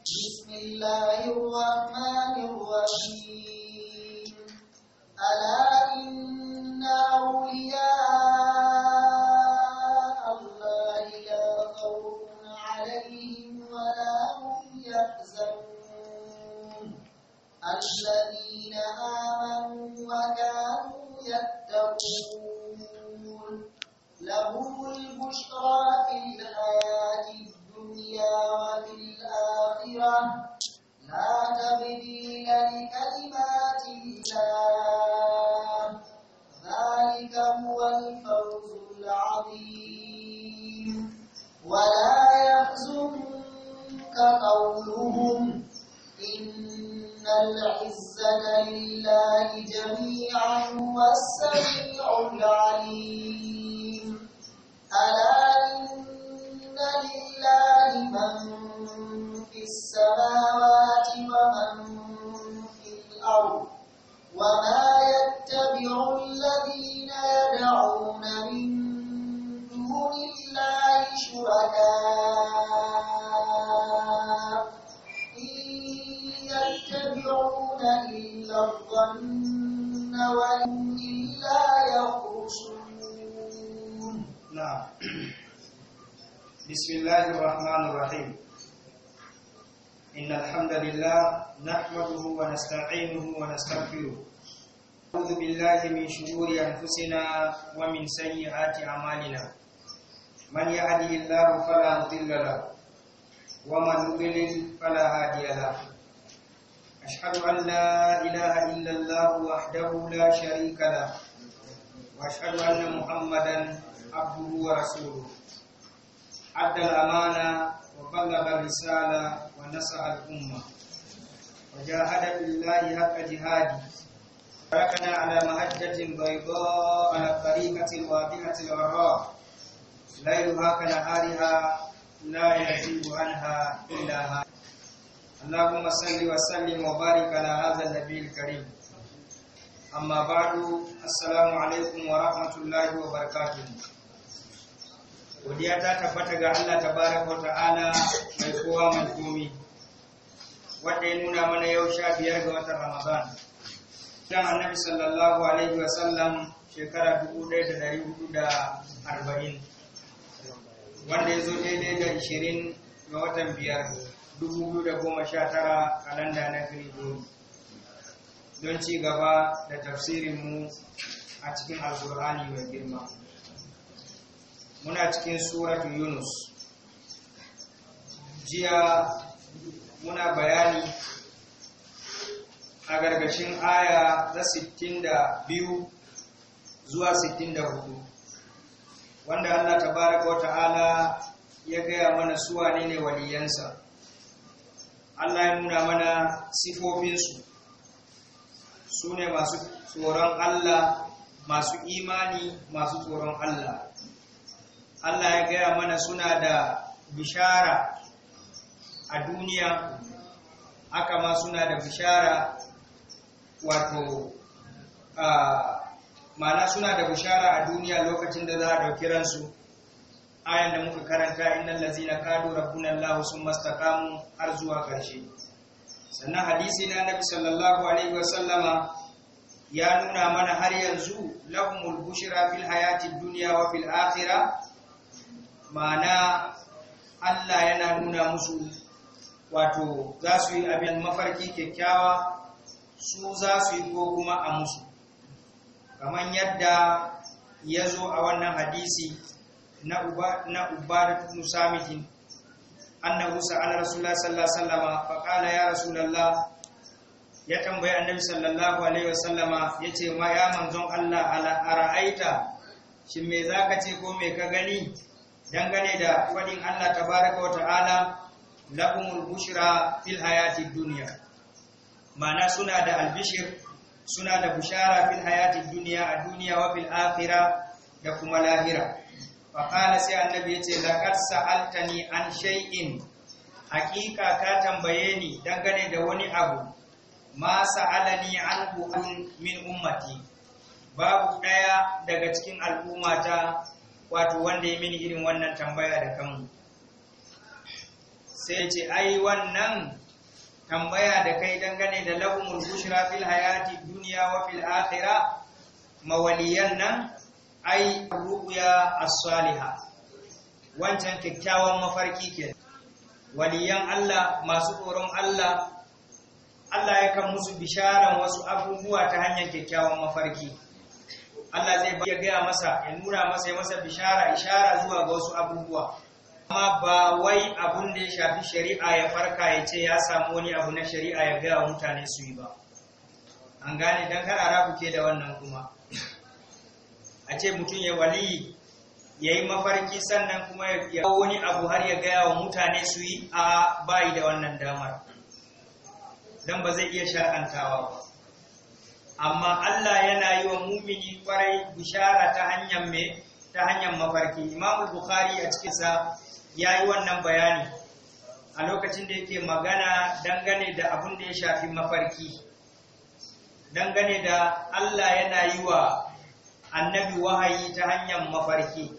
بسم الله الرحمن الرحيم ألا إن أولياء الله لا خوف عليهم ولا هم يحزنون الذين آمنوا وكانوا يتقون لهم البشرى قولهم إن العزة لله جميعا والسميع العليم ألا إن لله من في السماوات ومن في الأرض وما يتبع الذين يدعون من دون الله شركاء الظن وهم إلا يخرصون نعم بسم الله الرحمن الرحيم إن الحمد لله نحمده ونستعينه ونستغفره أعوذ بالله من شرور أنفسنا ومن سيئات أعمالنا من يهده الله فلا مضل له ومن يضلل فلا هادي له أشهد أن لا إله إلا الله وحده لا شريك له وأشهد أن محمدا عبده ورسوله أدى الأمانة وبلغ الرسالة ونصح الأمة وجاهد بالله حق جهاده تركنا على مهجة بيضاء على طريقة واضحة الغراء ليلها كنهارها لا يزيد عنها إلا هذا اللهم صل وسلم وبارك على هذا النبي الكريم أما بعد السلام عليكم ورحمة الله وبركاته godiya ta tabbata ga Allah tabaraka ta'ala mai kowa mai komi ya nuna mana yau sha biyar ga watan Ramadan dan Annabi sallallahu alaihi wa sallam shekara 1440 wanda ya zo daidai da 20 ga watan biyar goma sha 2019 kalanda na Gregory don ci gaba da tafsirinmu a cikin alkur'ani mai girma muna cikin suratu yunus jiya muna bayani a gargashin aya ta 62 zuwa 64 wanda allah tabaraka wa ta'ala ya gaya mana suwa ne ne waliyansa Allah ya nuna mana sifofinsu su ne masu tsoron Allah masu imani masu tsoron Allah Allah ya gaya mana suna da bishara a duniya aka ma suna da bishara wato mana suna da bishara a duniya lokacin da za a ɗauki ransu ayan da muka karanta innal ladzina kadu rabbuna allah summa istaqamu har zuwa karshe sannan hadisi na nabi sallallahu alaihi wasallama ya nuna mana har yanzu lahumul bushra fil hayatid dunya wa fil akhirah ma'ana Allah yana nuna musu wato za su yi abin mafarki kyakkyawa su za su yi ko kuma a musu kamar yadda ya zo a wannan hadisi na uba na ubara ibn samit annahu sa'ala rasulullah sallallahu alaihi wasallama fa qala ya rasulullah ya tambaye annabi sallallahu alaihi wasallama yace ma ya manzon Allah ala ara'aita shin me zaka ce ko me ka gani dangane da fadin Allah tabaraka wa ta'ala lahumul bushra fil hayati dunya ma'ana suna da albishir suna da bushara fil hayati dunya a duniya wa fil akhirah da kuma lahira faƙala sai annabi ya ce laƙar sa'altani an shaiin Haƙiƙa ka tambaye ni dangane da wani abu ma sa'alani an min ummati babu ɗaya daga cikin al'ummata wato wanda ya mini irin wannan tambaya da kanmu sai ce ai wannan tambaya da kai dangane da lahumul bushra fil hayati duniya wa fil akhirah mawaliyan nan ai ru'ya as-saliha wancan kyakkyawan mafarki ke waliyan Allah masu tsoron Allah Allah ya kan musu bisharan wasu abubuwa ta hanyar kyakkyawan mafarki Allah zai ba ya gaya masa ya nura masa ya masa bishara ishara zuwa ga wasu abubuwa amma ba wai abun da ya shafi shari'a ya farka ya ce ya samu wani abu na shari'a ya gaya wa mutane su yi ba an gane dan kar a rabu ke da wannan kuma a ce mutum ya wali ya yi mafarki sannan kuma ya wani abu har ya gaya wa mutane su yi a bayi da wannan damar don ba zai iya shar'antawa ba amma Allah yana yi wa mumini kwarai bishara ta hanyar me ta hanyar mafarki Imam Bukhari a cikinsa ya yi wannan bayani a lokacin da yake magana dangane da abin da ya shafi mafarki dangane da Allah yana yi wa annabi wahayi ta hanyar mafarki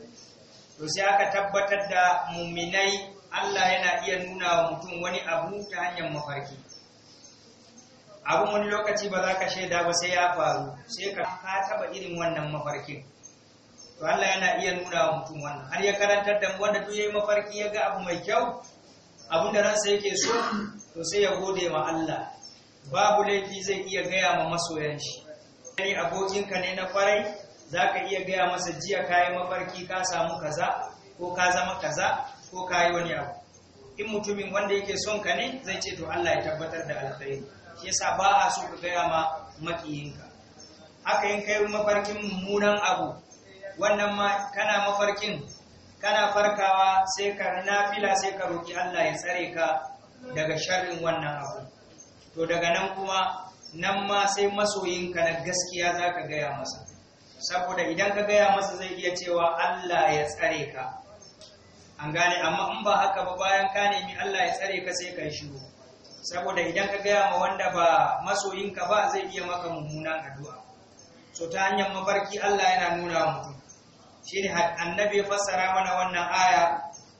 to sai aka tabbatar da muminai Allah yana iya nuna wa mutum wani abu ta hanyar mafarki abin wani lokaci ba za ka shaida ba sai ya faru sai ka ka taba irin wannan mafarkin to Allah yana iya nuna wa mutum wannan har ya karantar da wanda duk yayi mafarki ya ga abu mai kyau abinda da ransa yake so to sai ya gode wa Allah babu laifi zai iya gaya ma masoyan shi abokinka ne na farai? za ka iya gaya masa jiya ka yi mafarki ka samu kaza ko ka zama kaza ko ka yi wani abu in mutumin wanda yake son ka ne zai ce to Allah ya tabbatar da alkhairi shi yasa ba a so ka gaya ma makiyinka haka in kai mafarkin mummunan abu wannan ma kana mafarkin kana farkawa sai ka nafila sai ka roki Allah ya tsare ka daga sharrin wannan abu to daga nan kuma nan ma sai masoyinka na gaskiya zaka gaya masa saboda idan ka gaya masa zai iya cewa Allah ya tsare ka an gane amma in ba haka ba bayan ka nemi Allah ya tsare ka sai ka shiru saboda idan ka gaya ma wanda ba masoyinka ba zai iya maka mummunan addu'a so ta hanyar mafarki Allah yana nuna wa mutum shine annabi ya fassara mana wannan aya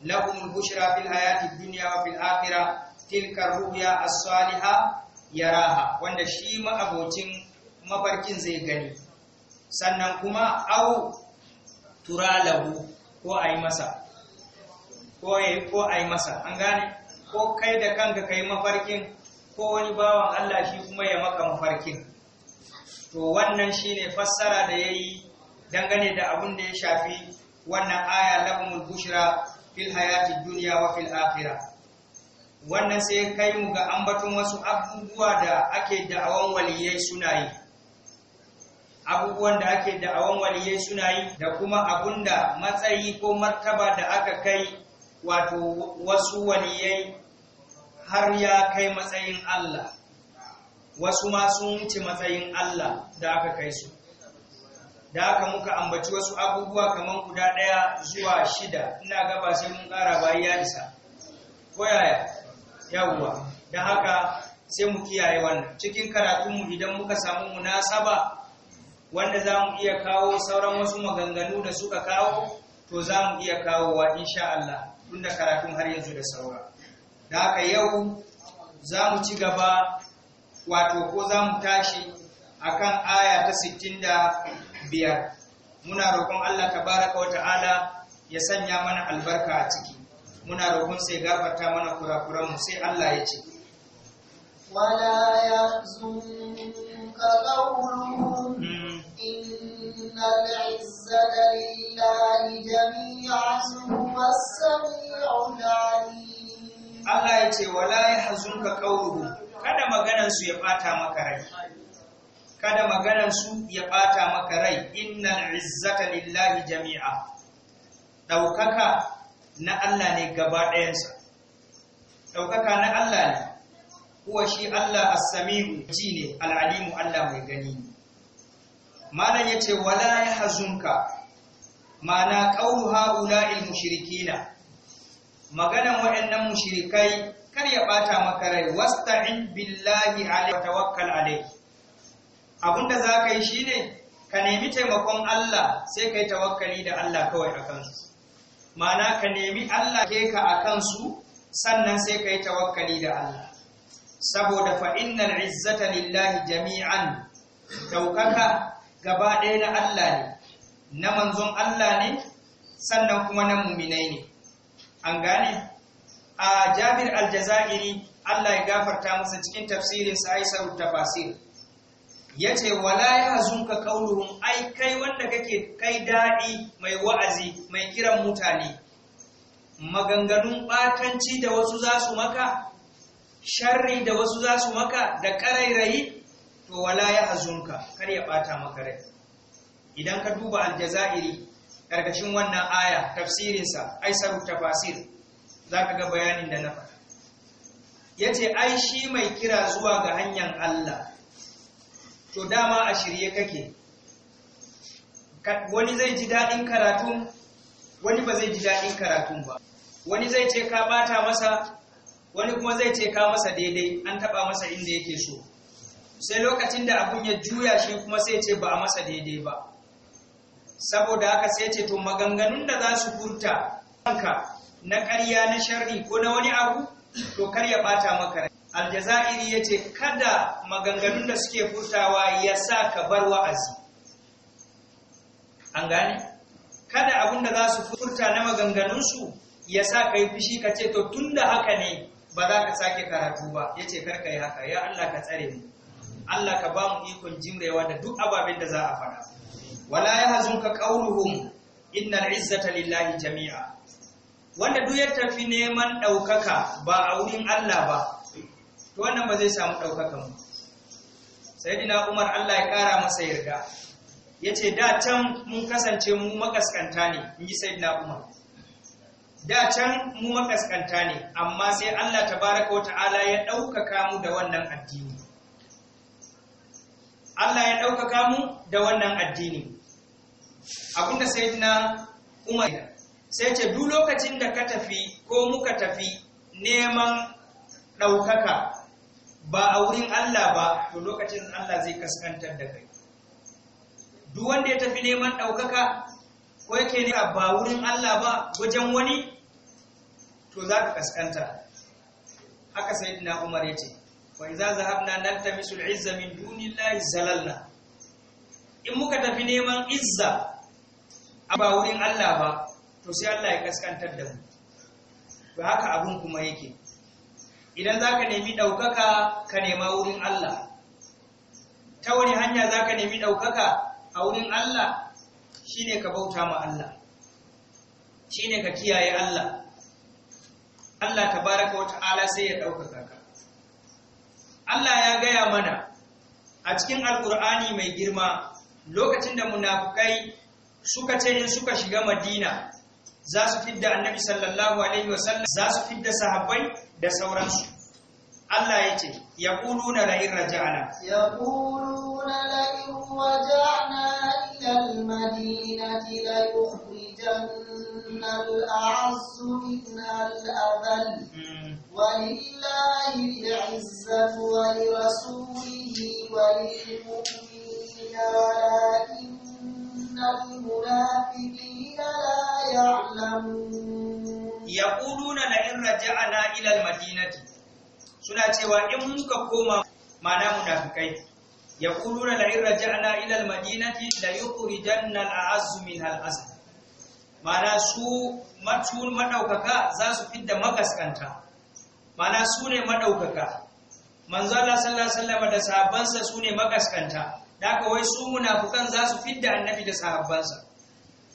lahumul bushra fil hayati dunya wa fil akhirah tilka ruhiya as-salihah yaraha wanda shi ma abocin mafarkin zai gani sannan kuma au turalahu ko a yi masa ko a yi masa an gane ko kai da kanka kai mafarkin ko wani bawan Allah shi kuma ya maka mafarkin to wannan shine fassara da yayi dangane da abin da ya shafi wannan aya lahumul bushra fil hayati dunya wa fil akhirah wannan sai kai mu ga ambaton wasu abubuwa da ake da'awan waliyai suna yi abubuwan da ake da'awan waliyai suna yi da kuma abunda matsayi ko martaba da aka kai wato wasu waliyai har ya kai matsayin Allah wasu ma sun wuce matsayin Allah da aka kai su da aka muka ambaci wasu abubuwa kamar guda ɗaya zuwa shida ina gaba sai mun ƙara bayi isa ko yaya yawwa da haka sai mu kiyaye wannan cikin karatunmu idan muka samu munasaba wanda za mu iya kawo sauran wasu maganganu da suka kawo to za mu iya kawowa insha Allah tun da karatun har yanzu da saura da haka yau za mu ci gaba wato ko za mu tashi kan aya ta biyar. muna roƙon Allah baraka wa ta'ala ya sanya mana albarka a ciki muna roƙon sai gafarta mana mu sai Allah ya ce wala ya'zunka qawluhum allah ya ce wala ya يتي ولا kawo قولهم kada maganansu ya ɓata maka rai kada su ya ɓata maka rai innal izzata lillahi jami'a ɗaukaka na Allah ne gaba ɗayansa ɗaukaka na Allah ne kuwa shi Allah as-sami'u ji ne al-alimu Allah mai gani ne malam yace wala hazunka. ma'ana qawlu haula'il na. maganan waɗannan mushrikai kar ya ɓata maka rai wasta'in billahi alayhi wata tawakkal alayhi abinda ka yi shi ne, ka nemi taimakon Allah sai ka yi tawakkali da Allah kawai a kansu. ma'ana ka nemi Allah ke ka a kansu, sannan sai ka yi tawakkali da Allah saboda fa izzata lillahi jami'an ɗaukaka gaba ɗaya na Allah ne na manzon Allah ne sannan kuma na muminai ne an gane a Jabir al-Jazairi Allah ya gafarta masa cikin tafsirin sa Aisha tafasir yace wala yahzunka qawluhum ai kai wanda kake kai dadi mai wa'azi mai kiran mutane maganganun batanci da wasu za su maka sharri da wasu za su maka da karairayi to wala ya yahzunka kar ya bata maka rai idan ka duba aljazairi karkashin wannan aya tafsirinsa aisaru tafasir za ka ga bayanin da na faɗa ya ce ai shi mai kira zuwa ga hanyar Allah to dama a shirye kake wani zai ji daɗin karatun wani ba zai ji daɗin karatun ba wani zai ce ka bata masa wani kuma zai ce ka masa daidai an taɓa masa inda yake so sai lokacin da abun ya juya shi kuma sai ce ba a masa daidai ba saboda haka sai ce to maganganun da za su furta kanka na karya, na sharri ko na wani abu to kar ya bata maka rai aljazairi ya ce kada maganganun da suke furtawa ya sa ka bar wa'azi an gane kada abin da za su furta na maganganunsu ya sa ka yi fushi ka ce to tun da haka ne ba za ka sake karatu ba ya ce karka yi haka ya allah ka tsare mu allah ka ba mu ikon jimrewa da duk ababen da za a faɗa wala ya hazunka qawluhum innal izzata lillahi jami'a wanda duk ya tafi neman ɗaukaka ba a wurin Allah ba to wannan ba zai samu ɗaukaka sai dina Umar Allah ya ƙara masa yarda ce da can mun kasance mu makaskanta ne in sai dina Umar da can mu makaskanta ne amma sai Allah tabaraka wata'ala ya ɗaukaka mu da wannan addini Allah ya ɗaukaka mu da wannan addini abinda sayyidina umar sai ce duk lokacin da ka tafi ko muka tafi neman ɗaukaka ba a wurin Allah ba to lokacin Allah zai kaskantar da kai duk wanda ya tafi neman ɗaukaka ko yake ne ba wurin Allah ba wajen wani to za ka kaskanta haka sayyidina Umar ya ce wa idza zahabna naltamisul izza min dunillahi zalalna in muka tafi neman izza a ba wurin Allah ba to sai Allah ya kaskantar da mu ba haka abin kuma yake idan za ka nemi ɗaukaka ka nema wurin Allah ta wani hanya za ka nemi ɗaukaka a wurin Allah shi ne ka bauta ma Allah shi ne ka kiyaye Allah Allah ta baraka wata ala sai ya ɗaukaka ka Allah ya gaya mana a cikin alkur'ani mai girma lokacin da munafukai suka ce in suka shiga madina za su fidda annabi sallallahu alaihi wasallam za su fidda sahabbai da sauransu Allah ya ce yaquluna la in raja'na yaquluna la in raja'na ila al-madinati la yukhrijanna al-a'azzu minna al-adhall ولله العزة ولرسوله وللمؤمنين ولكن yaquluna la in raja'na ila almadinati suna cewa in muka koma mana munafikai yaquluna la in raja'na ila almadinati la yukhrijanna al'azmu min al'azm mana su matul madaukaka za su fidda makaskanta mana su ne madaukaka manzo Allah sallallahu alaihi wasallam da sahabbansa su ne makaskanta haka wai su munafukan za su fidda annabi da sahabbansa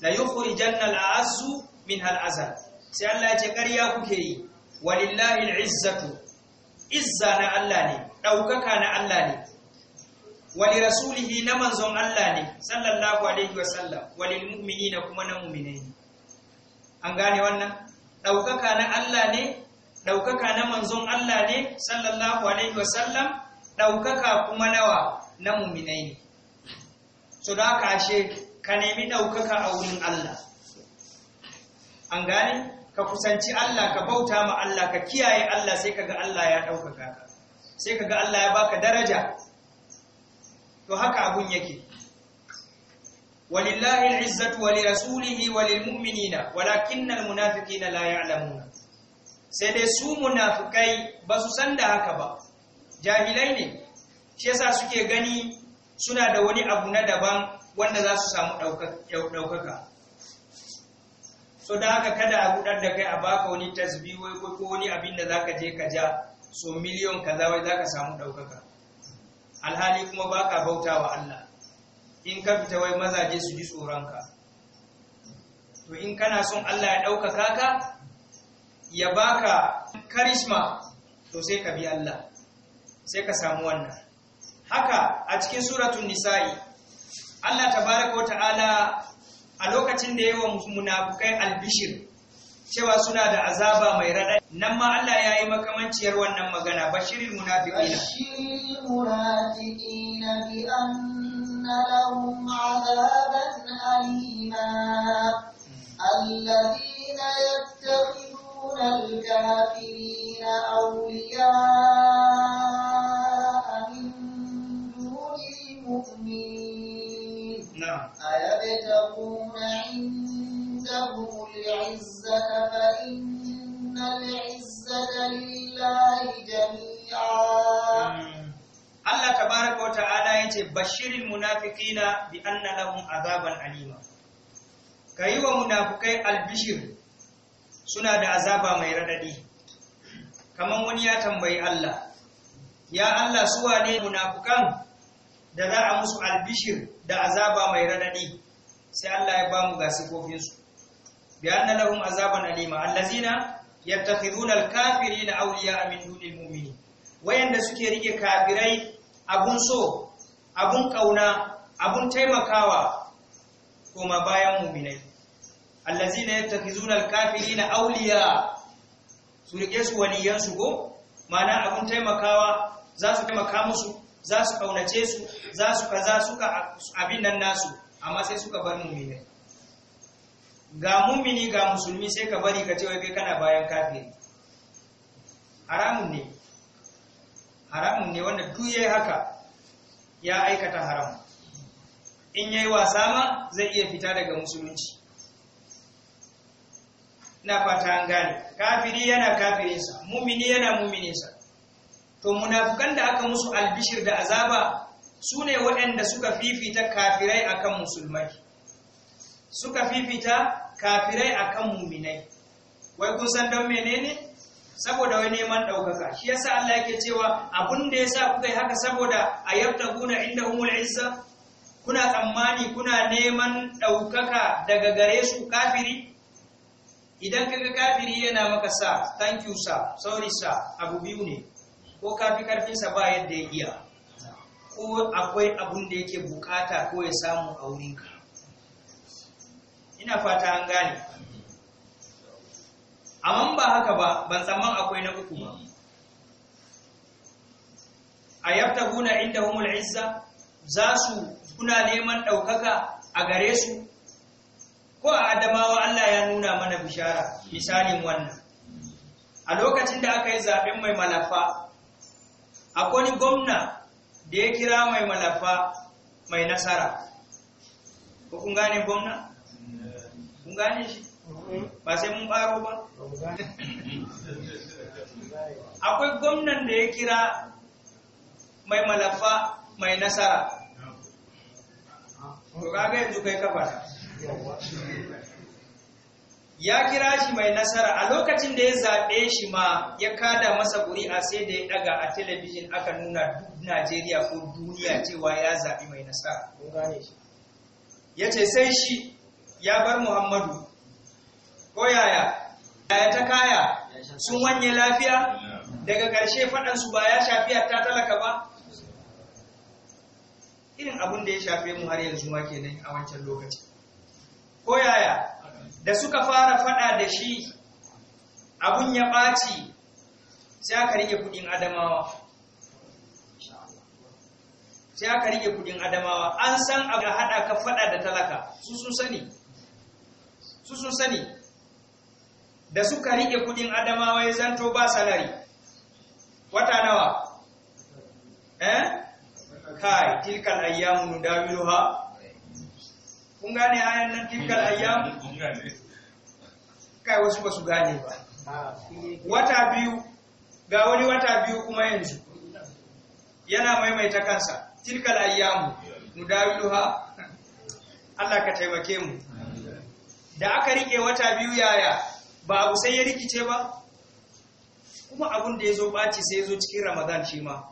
la yukhrijanna al-azzu min al-azal sai Allah ya ce ƙarya kuke yi walillahi al-izzatu izza na Allah ne daukaka na Allah ne wali rasulihi na manzon Allah ne sallallahu alaihi wa sallam walil mu'minina kuma na mu'minai an gane wannan daukaka na Allah ne daukaka na manzon Allah ne sallallahu alaihi wa sallam ɗaukaka kuma nawa na muminai ne so da ka ashe ka nemi ɗaukaka a wurin Allah an gane ka kusanci Allah ka bauta ma Allah ka kiyaye Allah sai kaga Allah ya ɗaukaka ka sai kaga Allah ya baka daraja to haka abun yake walillahi al'izzatu wa lirasulihi wa lilmu'minina walakinnal munafiqina la ya'lamuna sai dai su munafikai ba su san da haka ba jahilai ne shi yasa suke gani suna da wani abu na daban wanda za su samu ɗaukaka so da haka kada a gudar da kai a baka wani tasbi ko wani abin da zaka je ka ja so miliyon kaza wai zaka samu ɗaukaka alhali kuma baka bauta wa Allah in ka fita wai mazaje su ji tsoronka to in kana son Allah ya ɗaukaka ka ya baka karisma to sai ka bi Allah sai ka samu wannan haka a cikin suratun nisa'i Allah tabaraka ta'ala a lokacin da yawan munafukai albishir cewa suna da azaba mai raɗa nan ma Allah ya yi makamanciyar wannan magana bashirin munafiqina na munafiqina bi anna lahum azaban alima الذين يتخذون الكافرين أولياء يبتغوا العزة فإن العزة لله جميعا Allah tabaraka wa ta'ala yace bashirin munafiqina bi anna lahum azaban alima yi wa munafikai albishir suna da azaba mai radadi Kamar wani ya tambayi Allah ya Allah su wane munafikan da za a musu albishir da azaba mai radadi sai Allah ya ba mu ga sifofin bi anna lahum azaban alima allazina yattakhidhuna alkafirina awliya'a min dunil mu'minin wayanda suke rike kafirai abun so abun kauna abun taimakawa ma bayan mu'minai allazina yattakhizuna alkafirina awliya su rike su waliyan su go mana abun taimakawa za su taimaka musu za su kaunace su za su kaza suka abin nan nasu amma sai suka bar mu'minai ga mumini ga musulmi sai ka bari ka ce wai kai kana bayan kafiri haramun ne haramun ne wanda duk yayi haka ya aikata haram in yayi wasa ma zai iya fita daga musulunci na fata an gane kafiri yana kafirinsa mumini yana mumininsa to munafukan da aka musu albishir da azaba su ne waɗanda suka fifita kafirai akan musulmai suka fifita kafirai akan muminai wai kun san don menene saboda wai neman ɗaukaka shi yasa Allah yake cewa abun da yasa kuka yi haka saboda a yabtaguna inda humul kuna tsammani kuna neman ɗaukaka daga gare su kafiri idan kaga kafiri yana maka sa thank you sir sorry sir abu biyu ne ko kafi karfinsa ba yadda ya iya ko akwai abun da yake bukata ko ya samu a wurinka ina fata an gane amma ba haka ba ban tsamman akwai na uku ba a inda humul izza za su kuna neman ɗaukaka a gare su ko a adamawa Allah ya nuna mana bishara misalin wannan a lokacin da aka yi zaɓen mai malafa akwai gwamna da ya kira mai malafa mai nasara ko kun gane gwamna gane shi ba sai mun baro ba akwai gwamnan da ya kira mai malafa mai nasara kaga yanzu kai kafa ya kira shi mai nasara a lokacin da ya zaɓe shi ma ya kada masa ƙuri'a sai da ya ɗaga a telebijin aka nuna duk najeriya ko duniya cewa ya zaɓi mai nasara ya ce sai shi ya bar Muhammadu ko yaya yaya ta kaya sun wanye lafiya daga ƙarshe faɗansu ba ya shafi ta talaka ba irin abin da ya shafe mu har yanzu ma kenan a wancan lokaci ko yaya da suka fara faɗa da shi abun ya ɓaci sai aka rike kuɗin adamawa sai aka rike kuɗin adamawa an san abu haɗa ka faɗa da talaka su sun sani su sun sani da suka riƙe kudin adamawa ya zanto ba salari wata nawa eh kai tilkal ayyamu nudawiluha kun gane ayan nan tilkal ayyam kai wasu ba su gane ba wata biyu ga wani wata biyu kuma yanzu yana maimaita kansa tilkal ayyamu nudawiluha Allah ka taimake mu da aka rike wata biyu yaya ba abu sai ya rikice ba kuma abun da ya zo ɓaci sai ya zo cikin ramadan shi ma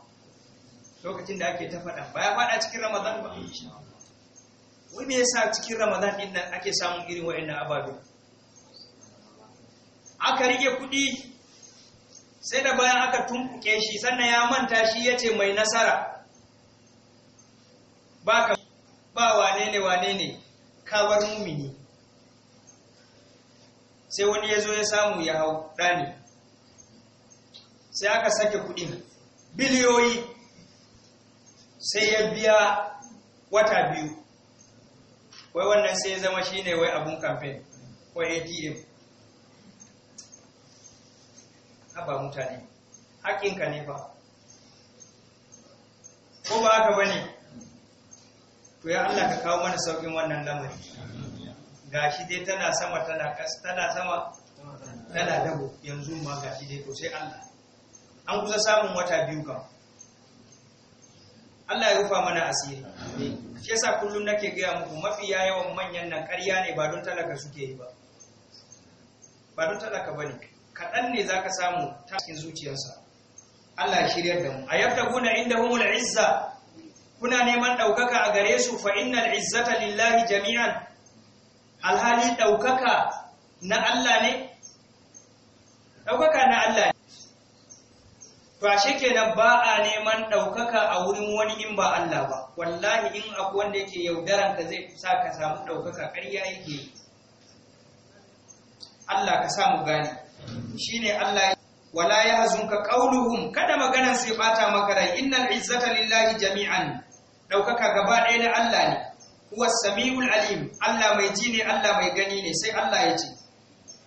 lokacin da ake ta faɗa ba ya faɗa cikin ramadan ba wani me sa cikin ramadan din nan ake samun irin wa'annan ababe aka rike kuɗi sai da bayan aka tumbuke shi sannan ya manta shi ya ce mai nasara ba ka ba wane ne wane ne ka mumini sai wani ya zo ya samu ya hau ɗani sai aka sake kuɗin biliyoyi sai ya biya wata biyu wai wannan sai ya zama ne wai abun kamfen wai atm haba mutane haƙinka ne fa ko ba haka ba ne to ya allah ka kawo mana saukin wannan lamari gashi dai tana sama tana kas tana sama tana dabo yanzu ma gashi dai to sai Allah an kusa samun wata biyu kan Allah ya rufa mana asiri shi yasa kullum nake gaya muku mafi yawan manyan nan ƙarya ne ba don talaka suke yi ba ba don talaka bane kaɗan ne zaka samu ta cikin zuciyarsa Allah ya shiryar da mu a inda indahumul izza kuna neman ɗaukaka a gare su fa innal izzata lillahi jami'an alhali ɗaukaka na Allah ne ɗaukaka na Allah ne to ashe kenan ba a neman ɗaukaka a wurin wani in ba Allah ba wallahi in akwai wanda yake yaudaran ka zai sa ka samu ɗaukaka ƙarya yake yi Allah ka samu gane ne Allah wala ya hazunka ƙauluhun kada maganar sai bata maka rai innal izzata lillahi jami'an ɗaukaka gaba ɗaya na Allah ne huwa samiul alim Allah mai ji ne Allah mai gani ne sai Allah ya ce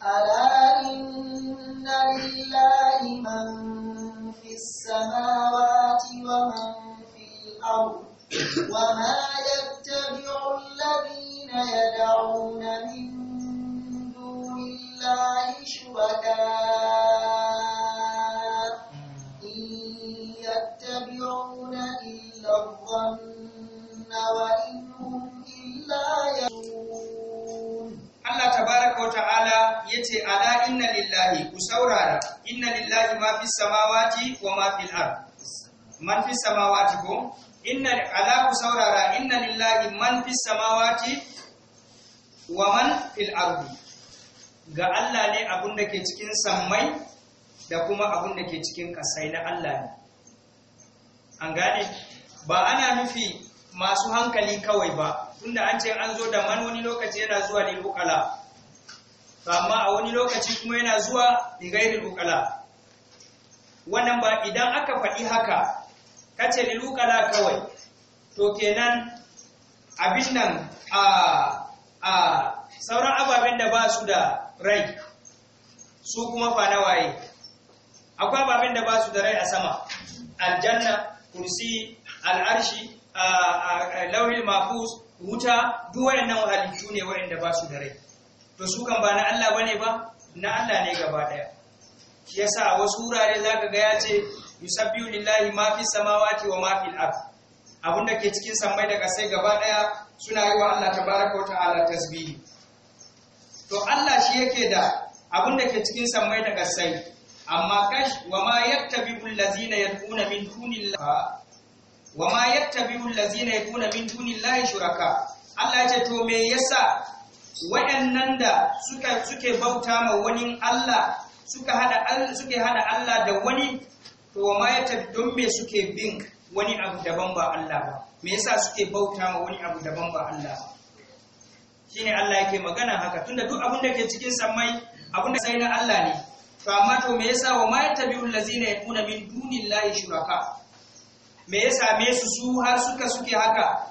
ala inna lillahi man fis samawati wa man fil ard wa ma yattabi'u alladhina yad'una min dunillahi shuhada ta'ala ya yace ala inna lillahi ku saurara inna lillahi ma fi samawati wa ma fi al'ar man fi samawati ko inna ala ku saurara inna lillahi man fi samawati wa man fil ard ga Allah ne abun da ke cikin sammai da kuma abun da ke cikin kasai na Allah ne an gane ba ana nufi masu hankali kawai ba tunda an ce an zo da man wani lokaci yana zuwa ne bukala to amma a wani lokaci kuma yana zuwa bigairil ukala wannan ba idan aka faɗi haka kace lil ukala kawai to kenan abin nan a a sauran ababen da ba su da rai su kuma fa waye akwai ababen da ba su da rai a sama aljanna kursi al'arshi a lauhil mafus wuta duk wayannan halittu ne waɗanda ba su da rai to su kan ba na Allah bane ba na Allah ne gaba daya shi yasa wasu wurare zaka ga ya ce yusabbihu lillahi ma fi samawati wa ma fil ard abunda ke cikin samai da kasai gaba daya suna yi wa Allah tabaraka wa ta'ala tasbihi to Allah shi yake da abunda ke cikin samai da kasai amma kash wa ma yattabi'u allazina yad'una min dunillahi wa ma yattabi'u allazina yad'una min dunillahi shuraka Allah ya ce to me yasa waɗannan da suka suke bauta ma wani Allah suka hada suke hada Allah da wani to ma ya taddon me suke bin wani abu daban ba Allah ba me yasa suke bauta ma wani abu daban ba Allah shine Allah yake magana haka tunda duk abin da ke cikin samai, abin da sai na Allah ne to amma to me yasa wa ma yattabi'u allazina yakuna min dunillahi shuraka me yasa me su su har suka suke haka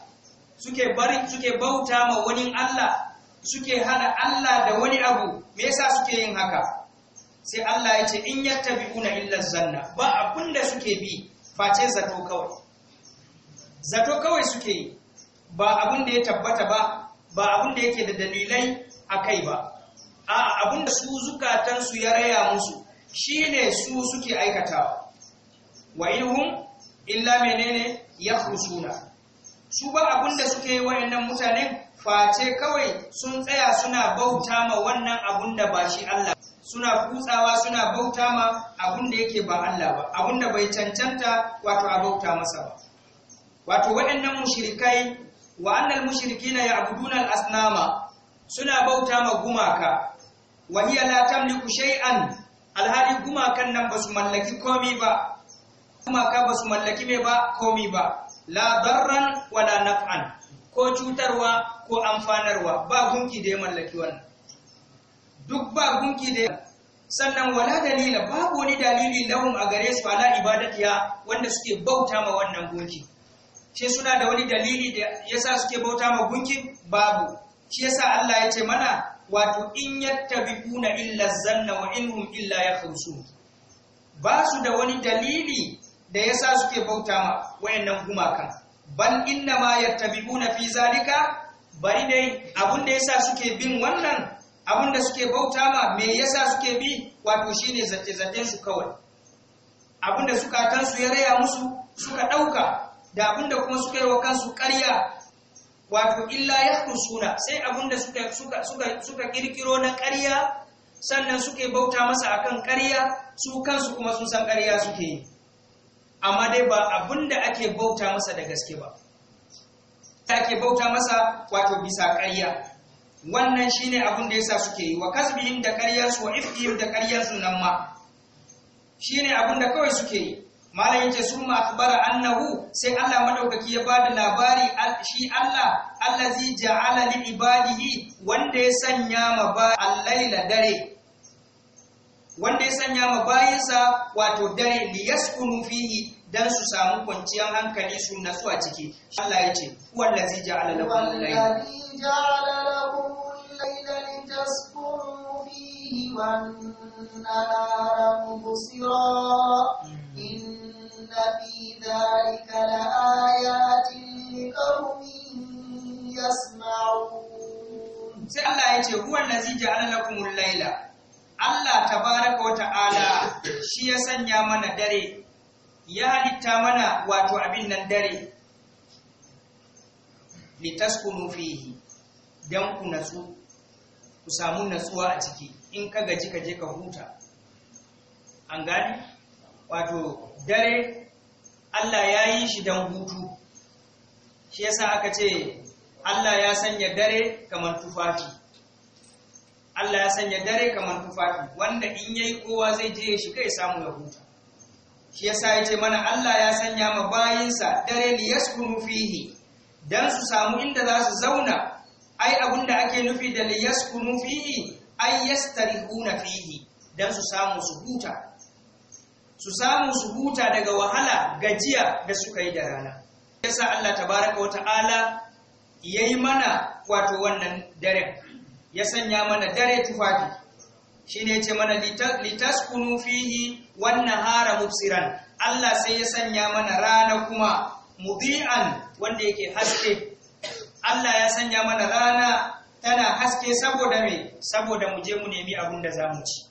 suke bari suke bauta ma wani Allah suke hada Allah da wani abu me yasa suke yin haka sai Allah ya ce in yattabi'una illa zanna ba abinda suke bi face zato kawai zato kawai suke yi ba abin ya tabbata ba ba abin da yake da dalilai akai ba a'a abin da su zukatansu ya raya musu shine su suke aikatawa wa ilhum illa menene ya suna su ba abin suke yi wayannan mutanen face kawai sun tsaya suna bauta ma wannan abun da ba shi Allah suna kutsawa suna bauta ma abun da yake ba Allah ba abun da bai cancanta wato a bauta masa ba wato waɗannan mushrikai wa annal mushrikina ya'buduna al-asnama suna bauta ma gumaka wa hiya la tamliku shay'an alhali gumakan nan basu mallaki komi ba gumaka basu mallaki me ba komi ba la darran wala naf'an ko cutarwa ko amfanarwa ba gunki da ya mallaki wannan duk ba gunki da sannan wala dalila babu wani dalili lahum a gare su ala ibadatiya wanda suke bauta ma wannan gunki shi suna da wani dalili da yasa suke bauta ma gunki babu shi yasa Allah ya ce mana wato in yattabi'una illa zanna wa inhum illa yakhrusun ba su da wani dalili da yasa suke bauta ma wayannan gumakan bal inna ma yattabi'una fi zalika bari dai abun da yasa suke bin wannan abun da suke bauta ma me yasa suke bi wato shine zace zaten su kawai abun da suka kansu ya raya musu suka dauka da abun da kuma suka yi wa kansu ƙarya wato illa ya suna. sai abun da suka suka suka suka kirkiro na ƙarya sannan suke bauta masa akan ƙarya su kansu kuma sun san ƙarya suke yi amma dai ba abin da ake bauta masa da gaske ba ke bauta masa wato bisa karya. wannan shi ne abin da ya sa suke yi wa kasbihin da ƙaryarsu wa ifkihim da ƙaryarsu nan ma Shi ne abin da kawai suke yi malam yace summa akbara annahu sai Allah madaukaki ya bada labari shi Allah allazi ja'ala li ibadihi wanda ya sanya ma ba al-laila dare wanda ya sanya ma bayansa wato dare li yaskunu fihi dan su samu kwanciyar hankali su nasu a ciki Allah ya ce wallazi ja'ala lakum layla ja'ala lakum layla litaskunu fihi wan nahara mubsira inna fi dhalika laayatin liqaumin yasma'un sai Allah ya ce huwallazi ja'ala lakum layla Allah tabaraka wa ta'ala shi ya sanya mana dare ya halitta mana wato abin nan dare litaskunu fihi dan ku natsu ku samu natsuwa a ciki in ka gaji ka je ka huta an gani wato dare Allah ya yi shi dan hutu shi yasa aka ce Allah ya sanya dare kamar tufafi Allah ya sanya dare kamar tufafi wanda in yayi kowa zai je ya shiga ya samu ya huta shi yasa yace mana Allah ya sanya ma bayinsa dare li yaskunu fihi dan su samu inda za su zauna ai abinda ake nufi da li yaskunu fihi ai yastarihuna fihi dan su samu su huta su samu su huta daga wahala gajiya da suka yi da rana yasa Allah tabaraka wa ta'ala yayi mana wato wannan daren ya sanya mana dare tufafi shine yace mana litaskunu fihi wan nahara mubsiran Allah sai ya sanya mana rana kuma mudi'an wanda yake haske Allah ya sanya mana rana tana haske saboda me saboda mu je mu nemi abin da zamu ci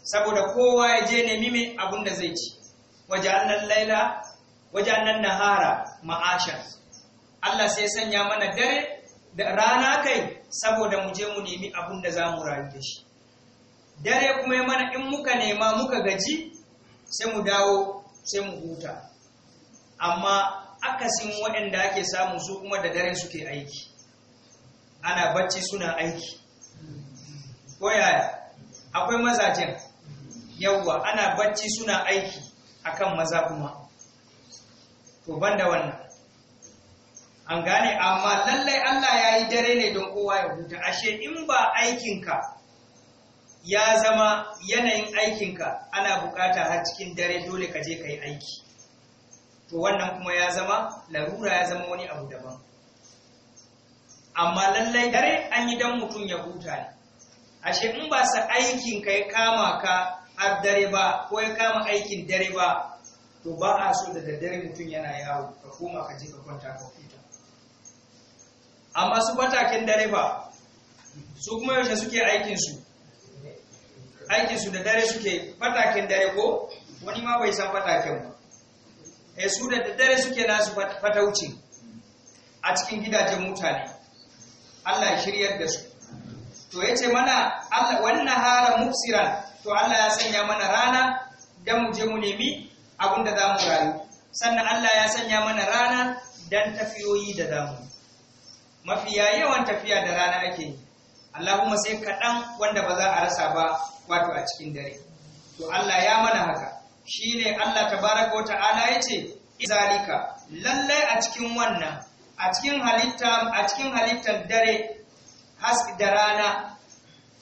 saboda kowa ya je nemi me abin da zai ci wajannan laila wajannan nahara ma'ashan Allah sai ya sanya mana dare da rana kai saboda mu je mu nemi abun da za mu rayu da shi dare kuma mana in muka nema muka gaji sai mu dawo sai mu huta amma akasin waɗanda ake samu su kuma da dare suke aiki ana bacci suna aiki ko yaya akwai mazajen yawwa ana bacci suna aiki akan maza kuma to banda wannan an gane amma lallai Allah ya yi dare ne don kowa ya huta ashe in ba aikinka ya zama yanayin aikinka ana bukata har cikin dare dole ka je ka yi aiki to wannan kuma ya zama larura ya zama wani abu daban amma lallai dare an yi don mutum ya huta ne ashe in ba sa aikinka ya kama ka har dare ba ko ya kama aikin dare ba to ba a so da daddare mutum yana yawo ka koma ka je ka kwanta ka amma su batakin dare ba su kuma yaushe suke aikinsu aikinsu da dare suke fatakin dare ko wani ma bai san fatakin ba e su da dare suke nasu fatauci a cikin gidajen mutane Allah shiryar da su to ya ce mana wani wannan hara mubsiran to Allah ya sanya mana rana dan muje mu nemi abin da mu rayu sannan Allah ya sanya mana rana dan tafiyoyi da damu. mafiya yawan tafiya da rana ake yi Allahumma sai kaɗan wanda ba za a rasa ba wato a cikin dare to Allah ya mana haka shine Allah tabaraka ta'ala yace izalika lallai a cikin wannan a cikin halitta a cikin halittar dare haske da rana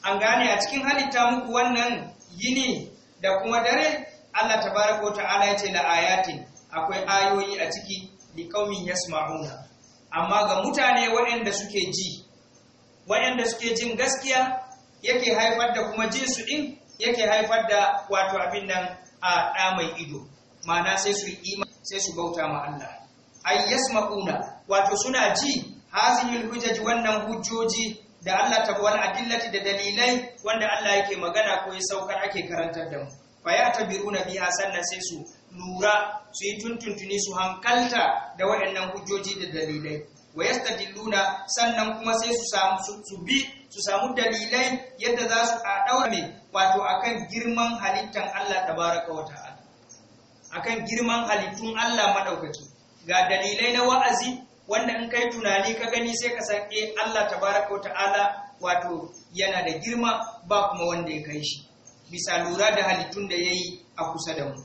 an gane a cikin halitta muku wannan yini da kuma dare Allah tabaraka ta'ala yace la ayatin akwai ayoyi a ciki liqaumin yasma'una amma ga mutane waɗanda suke ji waɗanda suke jin gaskiya yake haifar da kuma jin su ɗin yake haifar da wato abin nan a ɗa mai ido ma'ana sai su ima sai su bauta ma Allah ay yasma'una wato suna ji hazihil hujaj wannan hujjoji da Allah ta wal adillati da dalilai wanda Allah yake magana ko ya saukar ake karantar da mu fa ya tabiruna biha sannan sai su lura su yi tuntuntuni su hankalta da waɗannan hujjoji da dalilai wa yastadilluna sannan kuma sai su samu su bi su samu dalilai yadda za su a mai wato akan girman halittan Allah tabaraka wa ta'ala akan girman halittun Allah madaukaki ga dalilai na wa'azi wanda in kai tunani ka gani sai ka san e Allah tabaraka wa ta'ala wato yana da girma ba kuma wanda ya kai shi bisa lura da halittun da yayi a kusa da mu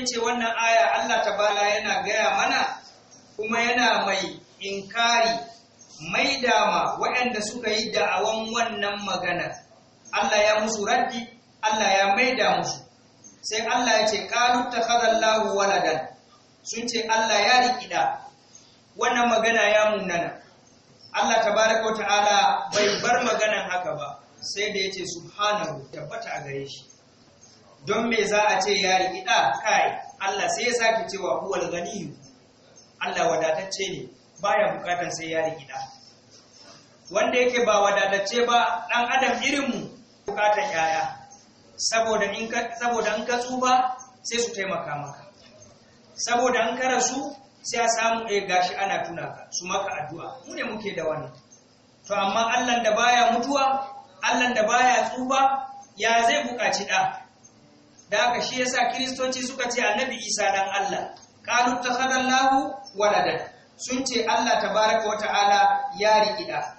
ya ce wannan aya Allah bala yana gaya mana kuma yana mai inkari mai dama waɗanda suka yi da'awan wannan magana Allah ya musu raddi Allah ya maida musu sai Allah ya ce qalu takhadallahu waladan sun ce Allah ya rikida wannan magana ya munana Allah tabaraka ta'ala bai bar maganan haka ba sai da yace subhanahu tabbata a gare shi don me za a ce ya riƙi ɗa kai Allah sai ya sake cewa huwal ganiyu Allah wadatacce ne baya bukatar sai ya riƙi ɗa wanda yake ba wadatacce ba ɗan adam irinmu bukatar yaya saboda in ka saboda in ka tsufa sai su taimaka maka saboda in ka rasu sai a samu eh gashi ana tuna ka su maka addu'a mu ne muke da wani. to amma Allah da baya mutuwa Allah da baya tsufa ya zai bukaci ɗa da haka shi yasa kiristoci suka ce annabi isa dan Allah qalu takhadallahu waladan sun ce Allah tabaraka wa ta'ala ya riƙida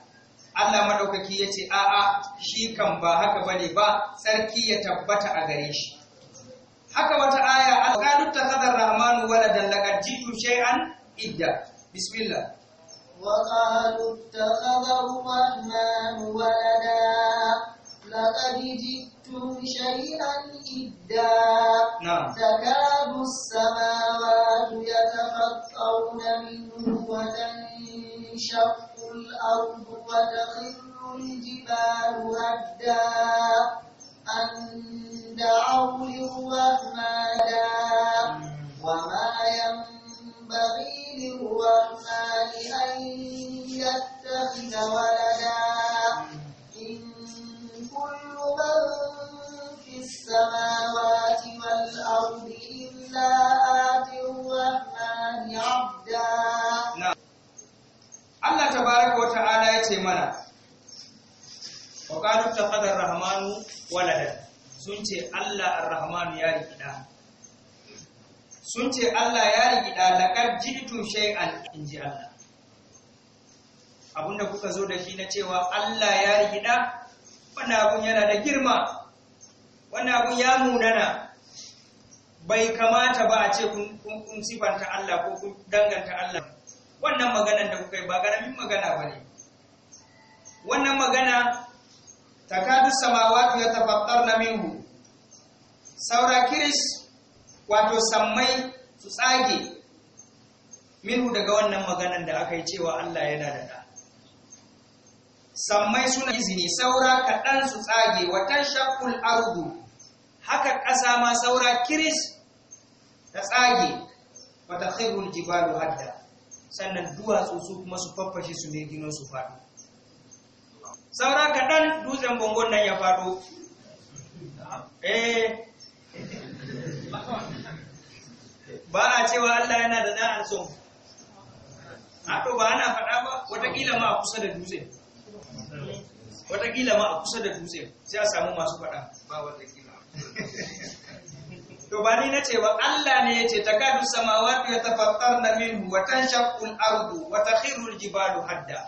Allah madaukaki ya ce a'a shi kan ba haka bane ba sarki ya tabbata a gare shi haka wata aya qalu takhadar rahmanu waladan laqad jitu shay'an idda bismillah وقالوا اتخذ الرحمن ولدا لقد جئت مثله شيئا إدا نعم تكاد السماوات يتفطرن منه وتنشق الأرض وتخر الجبال هدا أن دعوا للرحمن وما ينبغي للرحمن أن يتخذ ولدا إن كل من السماوات والأرض إلا آتي الرحمن عبدا نعم الله تبارك وتعالى يتمنى وقالوا اتخذ Rahmanu, ولدا sun ce Allah ar rahmanu ya riki rikida sun ce Allah ya riki rikida laqad ji'tum shay'an inji Allah abinda kuka zo da shi na cewa Allah ya riki rikida na abun yana da girma wannan abu ya munana bai kamata ba a ce kun sifanta Allah ko kun danganta Allah wannan maganan da kuka yi ba garamin magana ba ne wannan magana ta kadu samawati ya na minhu saura kiris wato sammai su tsage minhu daga wannan maganan da aka yi cewa Allah yana da ɗa sammai suna izini saura kaɗan su tsage watan shakul ardu haka ƙasa ma saura kiris ta tsage wata khairul jibalu hadda sannan duwatsu su kuma su faffashe su ne ginin su faɗo saura kaɗan dutsen bangon nan ya faɗo eh ba a cewa Allah yana da ɗan son haɗo ba ana faɗa ba watakila ma a kusa da dutse watakila ma a kusa da dutse sai a samu masu faɗa ba watakila to ba ni nace ba Allah ne yace takadu samawati yatafattarna minhu wa tanshaqqu al-ardu wa takhiru al-jibalu hadda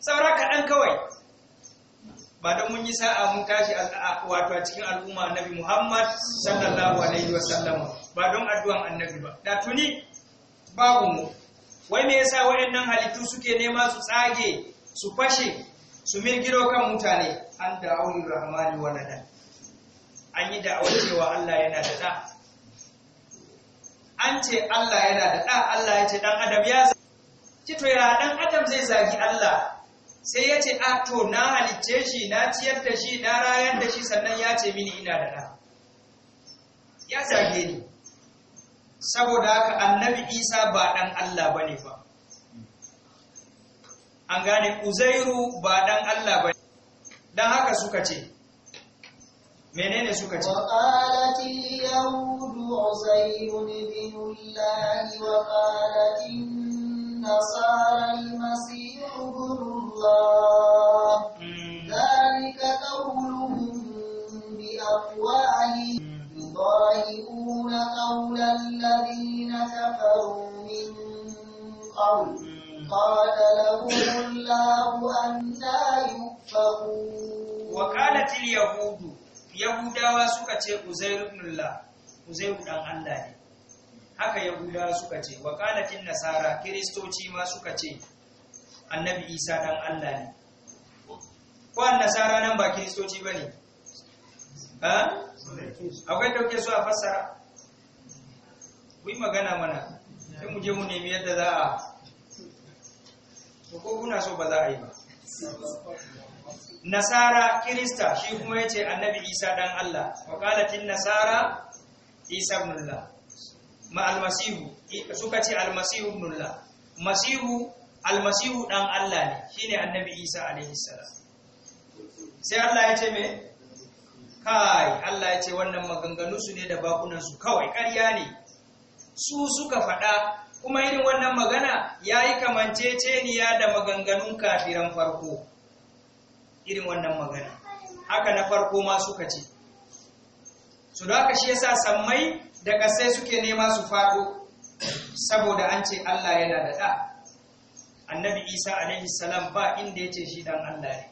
saura kaɗan kawai ba don mun yi sa'a mun tashi wato a cikin al'umma annabi Muhammad sallallahu alaihi wasallam ba don addu'an annabi ba da tuni babu mu wai me yasa waɗannan halittu suke nema su tsage su fashe su mirgiro kan mutane an da'u rahmani waladan an yi da'awar cewa Allah yana da ɗa an ce Allah yana da ɗa Allah ya ce ɗan adam ya zagi to ya ɗan adam zai zagi Allah sai ya ce a to na halicce shi na ciyar da shi na rayar da shi sannan ya ce mini ina da ɗa ya zage ni saboda haka annabi isa ba ɗan Allah ba ne ba an gane uzairu ba ɗan Allah ba don haka suka ce menene suka ce waqalatil yahudu usayrun ibn allah wa qalatin nasara al-masih ibn allah dhalika qawluhum bi وقالت اليهود yahudawa suka ce uzairu ibnullah uzair dan Allah ne haka yahudawa suka ce wa qalatin nasara kristoci ma suka ce annabi isa dan Allah ne ko an nasara nan ba kristoci bane ha akwai dauke su a fassara Kuyi magana mana sai mu je mu nemi yadda za a ko kuna so ba za a yi ba nasara kirista shi kuma yace annabi isa dan allah wa qalatin nasara isa ibnullah ma almasihu suka ce almasihu ibnullah masihu almasihu dan allah ne shine annabi isa alaihi salam sai allah ya ce me kai Allah ya ce wannan maganganu su ne da bakunansu kawai ƙarya ne su suka faɗa kuma irin wannan magana ya yi kamanceceniya da maganganun kafiran farko irin wannan magana haka na farko ma suka ce su da aka shi yasa sammai da ƙasai suke nema su faɗo saboda an ce Allah yana da ɗa annabi isa alaihi salam ba inda ya ce shi ɗan Allah ne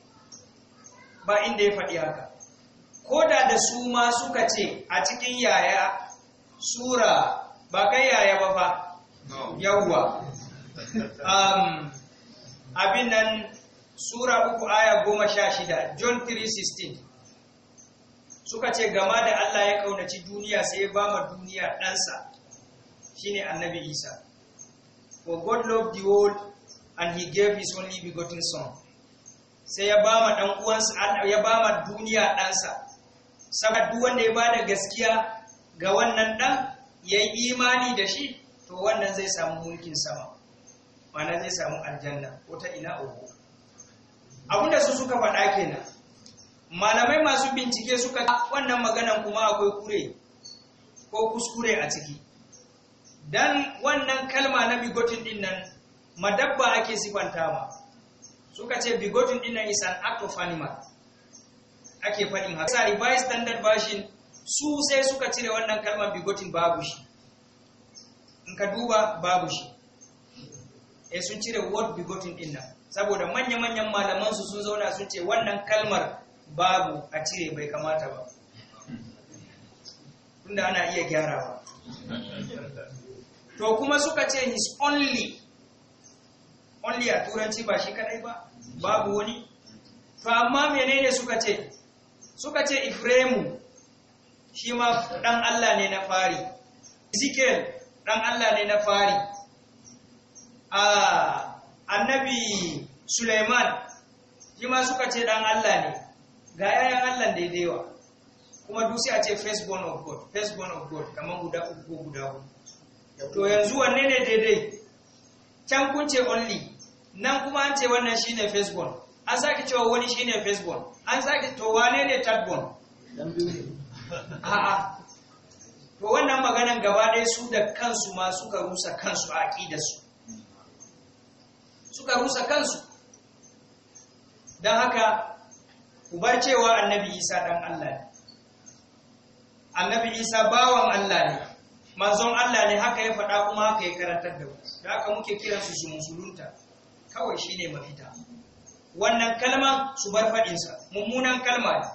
ba inda ya faɗi haka ko da da su ma suka ce a cikin yaya sura ba kai yaya ba fa yawwa abin nan sura uku aya goma sha shida john 3:16 suka ce gama da allah ya kaunaci duniya sai ya ba ma duniya ɗansa shine annabi isa for god loved the world and he gave his only begotten son sai ya ba ma ɗan ya ba ma duniya ɗansa saboda duk wanda ya ba da gaskiya ga wannan ɗan ya yi imani da shi to wannan zai samu mulkin sama Mana zai samu aljanna ko ina uku abinda su suka faɗa kenan malamai masu bincike suka wannan maganan kuma akwai kure ko kuskure a ciki dan wannan kalma na bigotin din nan madabba ake sifanta ma suka ce bigotin din nan is an act of animal ake faɗin haka sai revised standard version su sai suka cire wannan kalmar bigotin babu shi in ka duba babu shi eh sun cire word bigotin din nan saboda manya-manyan malaman su sun zauna sun ce wannan kalmar babu a cire bai kamata ba tunda ana iya gyara ba. to kuma suka ce his only only a turanci ba shi kadai ba babu wani to amma menene suka ce suka ce ifremu shi ma dan Allah ne na fari ezekiel dan Allah ne na fari a ah, annabi Suleiman shi ma suka ce dan Allah ne ga yayan Allah da yawa kuma dusi a ce first born of God first born of God kamar guda uku guda uku to yanzu wanne ne daidai can kun ce only nan kuma an ce wannan shine born, an sake cewa wani shine born an sake to wane ne thirdborn a'a to wannan maganan gaba ɗaya su da kansu ma suka rusa kansu a su. suka rusa kansu don haka ku bar cewa annabi isa ɗan allah ne annabi isa bawan allah ne manzon allah ne haka ya faɗa kuma haka ya karantar da mu da haka muke kiransu su musulunta kawai shine mafita wannan kalma su bar faɗinsa mummunan kalma ne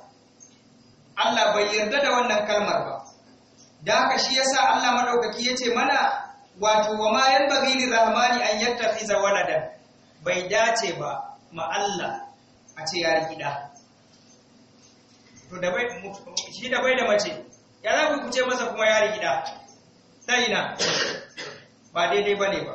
allah bai yarda da wannan kalmar ba da haka shi yasa allah maɗaukaki ya ce mana wato wa ma yan bagili rahmani an yattakhiza waladan bai dace ba ma Allah a ce ya riki da to da bai shi da bai da mace ya za ku ce masa kuma ya riki da ta ba daidai bane ba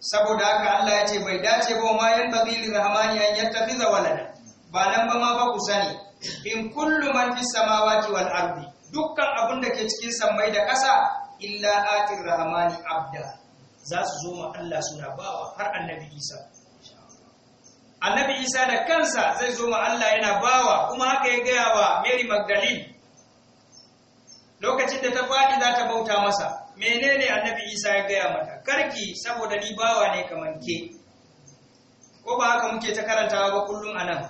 saboda haka Allah ya ce bai dace ba ma yan bagili rahmani an yattakiza walada ba nan ba ma ba ku sani in kullu man fis samawati wal ardi dukkan abin da ke cikin sammai da ƙasa illa atir rahmani abda za su zo ma Allah suna bawa har annabi Isa annabi isa da kansa zai zo ma Allah yana bawa kuma haka ya gaya wa mary magdalene lokacin da ta faɗi za ta bauta masa menene annabi isa ya gaya mata karki saboda ni bawa ne kamar ke ko ba haka muke ta karantawa ba kullum anan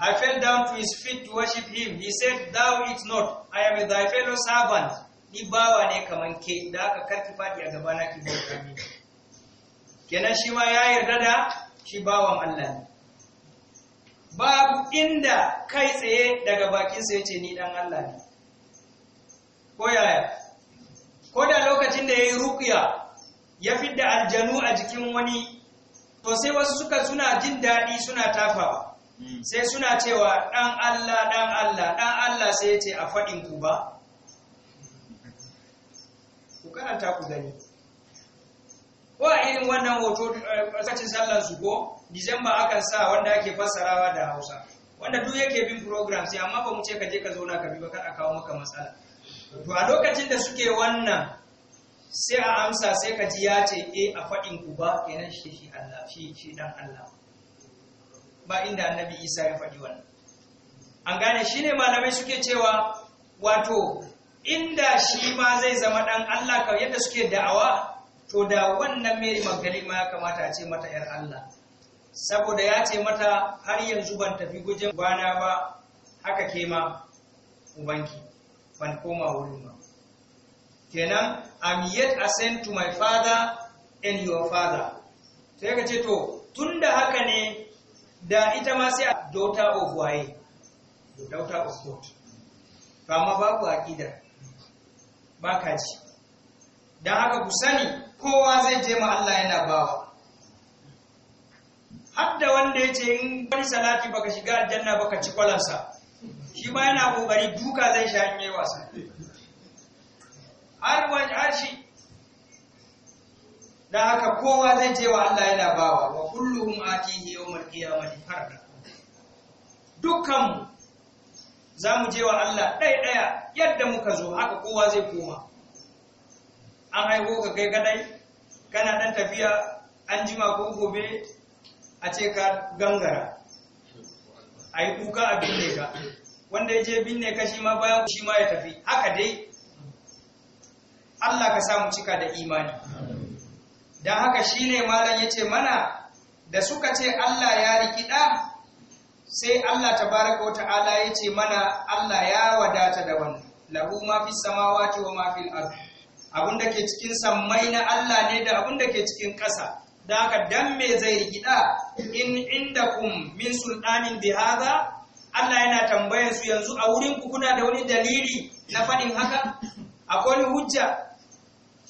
I fell down to his feet to worship him. He said, Thou it not, I am thy fellow servant. Ni bawa ne kaman ke, da haka karki faɗi a gabana ki bauta ne. Kenan shi ma ya yarda da shi bawan Allah ne. babu inda kai tsaye daga bakinsa ya ce ni dan Allah ne ko yaya ko da lokacin da ya yi rukiya ya fidda aljanu a jikin wani to sai wasu suka suna jin daɗi suna tafawa hmm. sai suna cewa ɗan Allah ɗan Allah ɗan Allah sai ya ce a faɗin ku ba ku karanta ku gani ko a irin wannan hoto eh, lokacin sallar su ko disamba akan sa wanda ake fassarawa da hausa wanda duk yake bin program sai amma ba mu ce ka je ka zauna ka bi ba kar a kawo maka matsala to a lokacin da suke wannan sai a amsa sai ka ji ya ce e a faɗin ku ba kenan shi shi Allah shi shi dan Allah ba inda annabi Isa ya faɗi wannan an gane shine malamai suke cewa wato inda shi ma zai zama dan Allah kawai yadda suke da'awa to da wannan mai Magdalene ma ya kamata a ce mata ‘yar Allah, saboda ya ce mata har yanzu ban tafi gujin bana ba haka ke ma ubanki, ban koma wurin ba. Kenan, I'm yet ascend to my father and your father. To ya ce to, tun da haka ne da ita ma sai a daughter of waye, daughter of God. To amma babu aƙidar, ba ka ji. Don haka ku sani, kowa zai je ma Allah yana bawa hadda wanda ya ce in wani salati baka shiga aljanna baka ci kwalansa shi ma yana kokari duka zai sha in yi wasa har wani arshi da haka kowa zai je wa Allah yana bawa wa kulluhum atihi yawmal qiyamati farda dukkan za mu je wa Allah ɗaya ɗaya yadda muka zo haka kowa zai koma an haiko ka kai kadai kana dan tafiya an jima ko gobe a ce ka gangara a yi kuka a binne ka wanda ya je binne ka shi ma bayan shi ma ya tafi haka dai Allah ka samu cika da imani don haka shi ne malam ya ce mana da suka ce Allah ya rikida sai Allah tabaraka wa ta'ala ya ce mana Allah ya wadata da wannan lahu ma fi samawati wa ma fil ardi abun ke cikin sammai na Allah ne da abun ke cikin ƙasa da aka dan me zai rigida in kun min sultanin bi haza? Allah yana tambayan su yanzu a wurin ku kuna da wani dalili na faɗin haka akwai hujja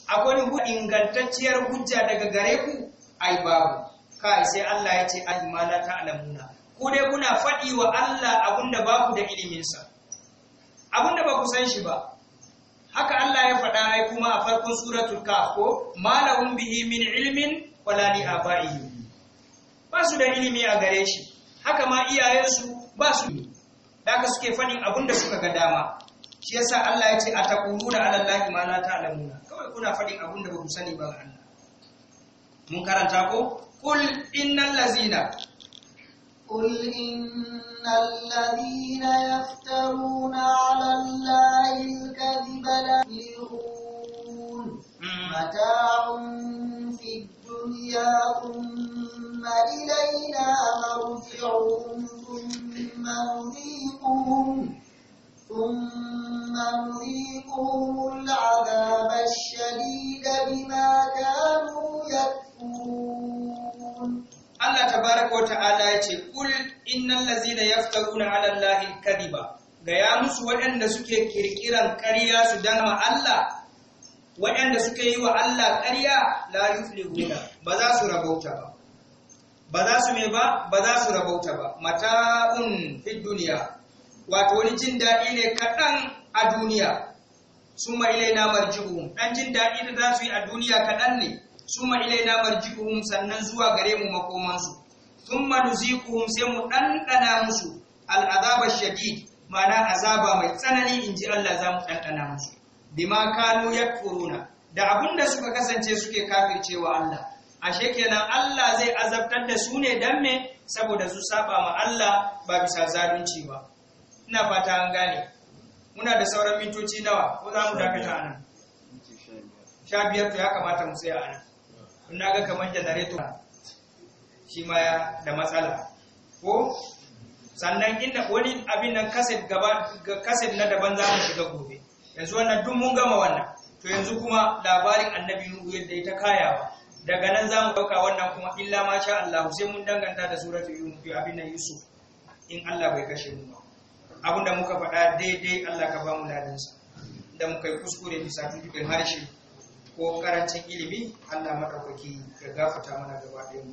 akwai ingantacciyar hujja daga gare ku ai babu kai sai Allah ya ce ai ma la ta'lamuna kuna fadi wa Allah abunda ba ku da ilimin sa abunda ba ku san shi ba haka Allah ya faɗa ai kuma a farkon suratul kaf ko malahum bihi min ilmin wala li abaihi ba su da ilimi a gare shi haka ma iyayensu ba su da ka suke faɗin abin da suka ga dama shi yasa Allah ya ce ataquluna ala allahi ma la ta'lamuna kawai kuna faɗin abin da ba ku sani ba Allah mun karanta ko qul innal lazina قل إن الذين يفترون على الله الكذب يفلحون متاع في الدنيا ثم إلينا مرجعهم ثم نذيقهم ثم نذيقهم العذاب الشديد بما كانوا يكفرون Allah tabaraka wa ta'ala ya ce kul innal ladzina yaftaruna 'ala Allahi ga gaya musu waɗanda suke kirkiran ƙarya su dama Allah waɗanda suke yi wa Allah ƙarya la yuflihuna ba za su rabauta ba ba za su me ba ba za su rabauta ba mata'un fid duniya wato wani jin daɗi ne kaɗan a duniya summa ilaina marji'uhum dan jin daɗi da za su yi a duniya kaɗan ne summa ilaina marji'uhum sannan zuwa gare mu makomansu thumma nuziquhum sai mu ɗanɗana musu al'azaba shadid ma'ana azaba mai tsanani in ji Allah za mu ɗanɗana musu bima kanu yakfuruna da abun da suka kasance suke kafircewa Allah ashe kenan Allah zai azabtar da su ne dan me saboda su saba ma Allah ba bisa zalunci ba ina fata an gane muna da sauran mintoci nawa ko za mu dakata anan sha biyar to ya kamata mu tsaya anan na ga kamar janareto shi ma da matsala ko sannan inda wani abin nan kaset gaba kaset na daban za mu shiga gobe yanzu wannan duk mun gama wannan to yanzu kuma labarin annabi nuhu yadda ita kayawa daga nan za mu ɗauka wannan kuma illa ma sha Allah sai mun danganta da suratul yunus abin nan yusuf in Allah bai kashe mu ba da muka faɗa daidai Allah ka ba mu da muka yi kuskure bisa tutukan harshe ko karancin ilimi Allah madaukaki ya gafata mana gaba ɗaya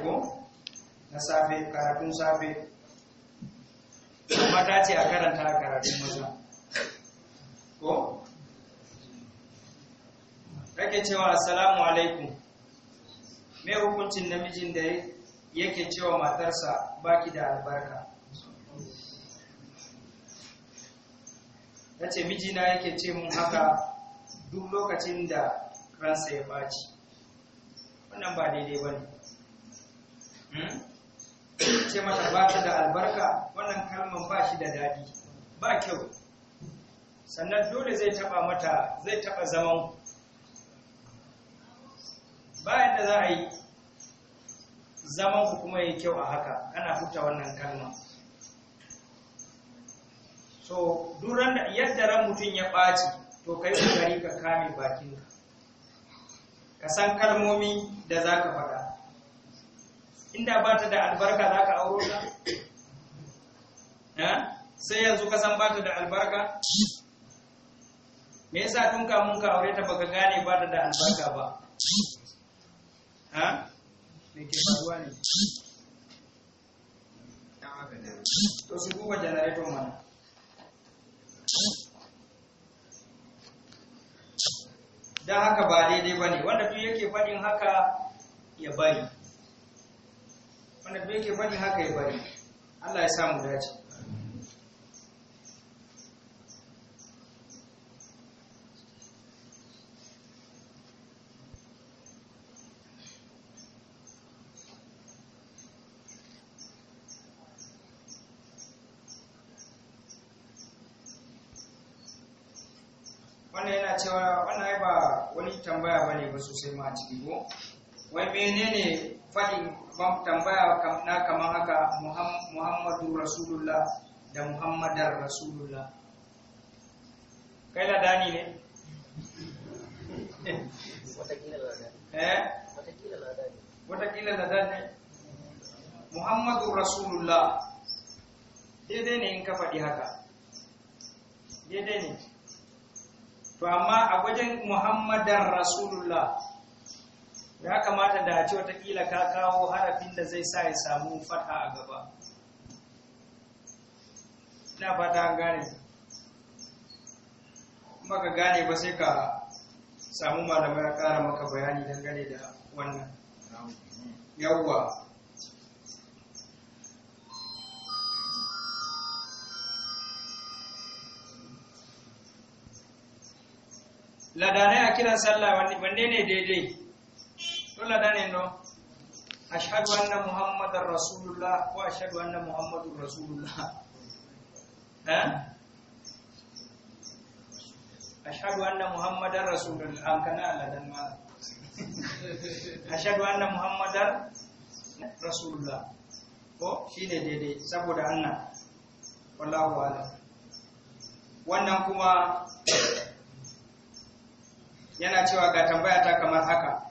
mu na safe karatun safe kuma ta ce a karanta karatun maza ko rake cewa assalamu alaikum me hukuncin namijin da ya yake cewa matarsa baki da albarka yace mijina yake ce mun haka duk lokacin da ransa ya baci wannan ba daidai ba ne hmm? ce mata ba ta da albarka wannan kalman ba shi da daɗi ba kyau sannan dole zai taba mata zai taba zaman bayan da za a yi zaman ku kuma yi kyau a haka ana huta wannan kalma so duran da yadda ran mutum ya ɓaci to kai kokari ka kame bakinka ka san kalmomi da za ka faɗa inda ba ta da albarka za ka auro ta eh? sai yanzu ka san ba ta da albarka me yasa tun kamun ka aure ta baka gane ba ta da albarka ba ha eh? me ke faruwa ne to su kuma janareto mana don haka ba daidai ba ne wanda duk yake faɗin haka ya bari wanda duk yake faɗin haka ya bari Allah ya samu dace cewa wannan ba wani tambaya ba ne ba sosai ma a ciki ko wai menene faɗin tambaya na kamar haka muhammadu rasulullah da muhammadar rasulullah kai ladani ne eh watakila ladani watakila ladani muhammadu rasulullah daidai ne in ka faɗi haka daidai ne to amma a wajen muhammadan rasulullah ya kamata da a ce watakila ka kawo harafin da zai sa ya samu fata a gaba ina fata an gane kuma ka gane ba sai ka samu malamai ya kara maka bayani dangane da wannan yawwa ladanai a kiran sallah wanne ne daidai to ladanai no ashhadu anna muhammadar rasulullah ko ashhadu anna muhammadur rasulullah eh ashhadu anna muhammadar rasulullah an kana ladan ma ashhadu anna muhammadar rasulullah ko shine daidai saboda anna wallahu a'lam wannan kuma yana cewa ga tambaya ta kamar haka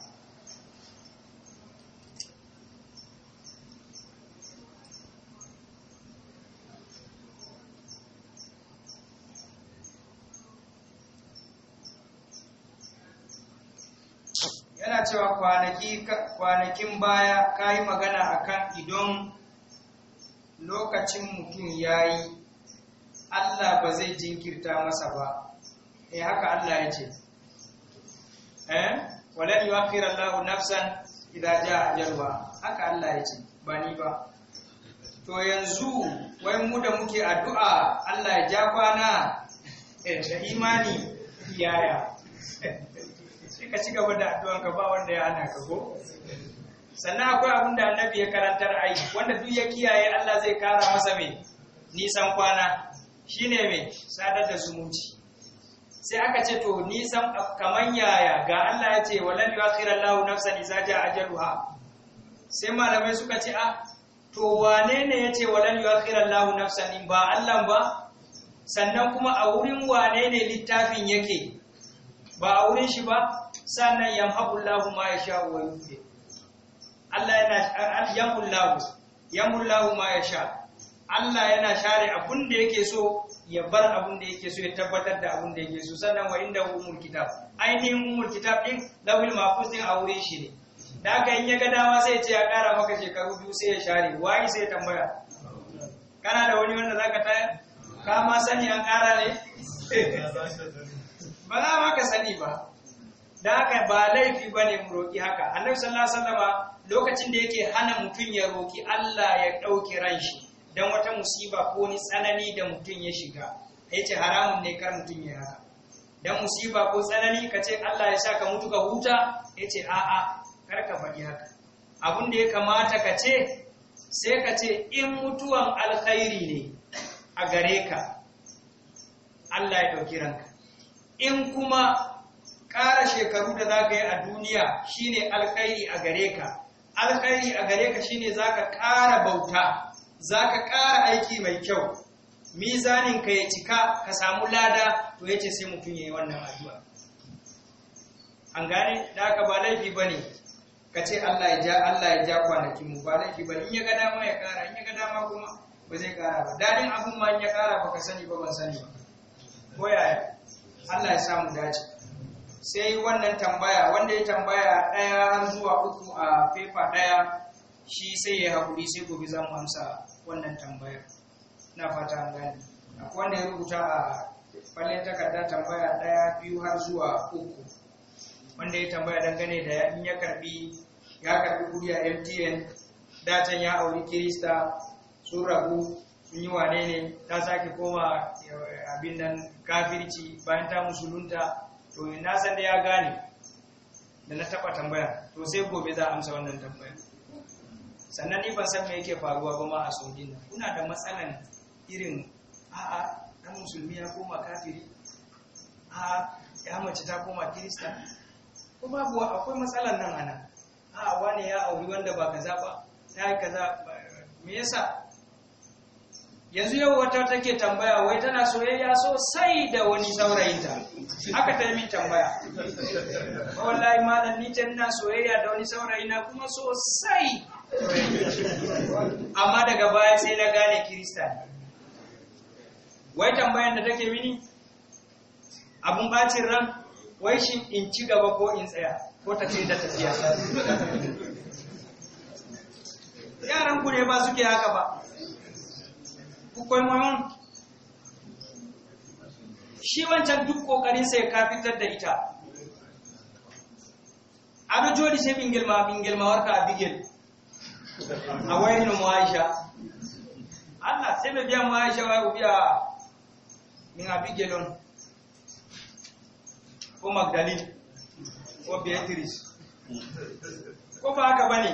yana cewa kwanakin baya ka yi magana akan idon lokacin mutum ya yi allah ba zai jinkirta masa ba eh haka allah ya ce eh walan yuakhir Allahu nafsan idza jaa ajalha haka Allah ya ce ba ni ba to yanzu wai mu da muke addu'a Allah ya ja kwana eh, da imani yaya sai ka ci gaba da addu'an ka ba wanda ya hana ka ko sannan akwai abin da annabi ya karantar ai wanda duk ya kiyaye Allah zai kara masa mai nisan kwana shine mai sadar da zumunci sai aka ce to ni san kaman yaya ga Allah ya ce akhira Allah nafsan iza ja ajaluha sai malamai suka ce a ah, to wane ne ya ce akhira Allah nafsan in ba Allah ba sannan kuma a wurin wane ne littafin yake ba a wurin shi ba sannan Allah ma yasha wa yuhyi Allah yana yamhullahu yamhullahu ma sha Allah yana share abun da yake so ya bar abun da yake so ya tabbatar da abun da yake so sannan wa inda umul kitab ainihin umul kitab din lawil mahfuz din a wurin shi ne da aka in ya ga dama sai ce ya kara maka shekaru biyu sai ya share wai sai ya tambaya kana da wani wanda zaka tayar ka ma sani an kara ne ba za ma ka sani ba da haka ba laifi ba ne mu roƙi haka annabi sallallahu alaihi wasallama lokacin da yake hana mutum ya roƙi Allah ya ɗauki ran shi don wata musiba ko wani tsanani da mutum ya shiga a yace haramun ne kar mutum ya haka don musiba ko tsanani ka ce Allah ya sa ka mutu ka huta ya ce a'a kar ka faɗi haka abin da ya kamata ka ce sai ka ce in mutuwan alkhairi ne a gare ka Allah ya ɗauki ranka in kuma ƙara shekaru da za ka yi a duniya shine alkhairi a gare ka alkhairi a gare ka shine za ka ƙara bauta za ka ƙara aiki mai kyau zanin ka ya cika ka samu lada to yace sai mutum ya yi wannan addu'a an gane da aka ba laifi ba ne ka ce Allah ya ja Allah ya ja kwanakin mu ba laifi ba in ya ga dama ya ƙara in ya ga dama kuma ba zai ƙara ba dadin abin ma in ya ƙara ba ka sani ba ban sani ba ko yaya Allah ya samu dace sai wannan tambaya wanda ya tambaya ɗaya zuwa uku a fefa ɗaya shi sai ya haƙuri sai gobe za mu amsa wannan tambayar na fata an gani, akwai wanda ya rubuta a falle takarda tambaya ɗaya biyu har zuwa uku wanda ya tambaya dangane da in ya karbi ya karbi kuri a mtn datan ya auri kirista sun rabu sun yi wane ne ta sake koma eh, abin nan kafirci bayan ta musulunta to na san da ya gane da na taɓa tambaya to sai gobe za a amsa wannan tambaya sannan ni ban san me yake faruwa ba ma a sojin nan kuna da matsalan irin a'a dan musulmi ya koma kafiri a'a ya mace ta koma kirista ko babu akwai matsalan nan ana a'a wani ya auri wanda ba kaza ba ta yi kaza me yasa yanzu yau wata take tambaya wai tana soyayya sosai da wani saurayinta aka ta yi min tambaya wallahi malam ni tana soyayya da wani saurayina kuma sosai amma daga baya sai na gane kirista wai tambayan da take mini abun bacin ran wai shi in ci gaba ko in tsaya ko ta ce da tafiya yaran ku ne ba suke haka ba ku koyi shi wancan duk kokarin sai ka fitar da ita ado jodi sai bingel bingilma bingel warka a wayar da mu'aisha Allah sai mai biya mu'aisha wa ubiya min a abigelon ko magdalin ko beatrice ko ba haka ne?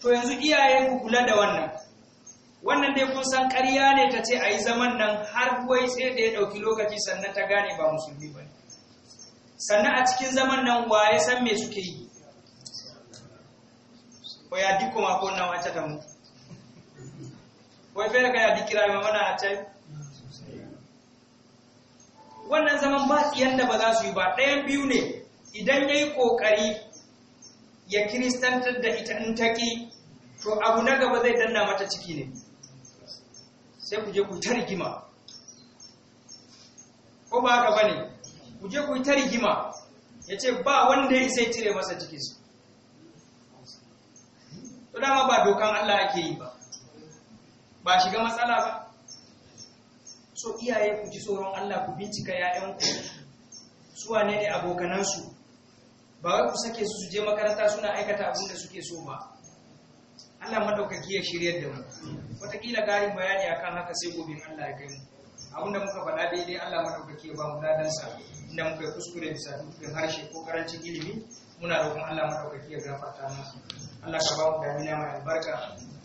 to yanzu iyaye ku kula da wannan wannan dai kun san ƙarya ne ta ce a yi zaman nan har wai sai da ya ɗauki lokaci sannan ta gane ba musulmi ba ne. sannan a cikin zaman nan waye san me suke yi o ya ma ko na ta mu? Wai fere ka ya dikkiraaɓe ma a wannan zaman ba yanda ba za su yi ba ɗayan biyu ne idan ya yi ƙoƙari ya kiristantar da ita in taƙi to abu na gaba zai danna mata ciki ne sai ku je ku ta rigima ko ba haka ba ne ku je ku ta rigima ya ce ba wanda ya sai cire masa cikinsu to dama ba dokan Allah ake yi ba ba shiga matsala ba so iyaye ku ji tsoron Allah ku bincika ‘ya'yanku su wane ne abokanansu ba wai ku sake su je makaranta suna aikata abin da suke so ba Allah maɗaukaki ya shiryar da mu wataƙila garin bayani akan haka sai gobe Allah ya kai mu abinda muka faɗa daidai Allah madaukaki ya ba mu ladansa inda muka yi kuskure bisa dukkan harshe ko karancin ilimi muna roƙon Allah madaukaki ya gafarta mana Allah ka ba mu damina mai albarka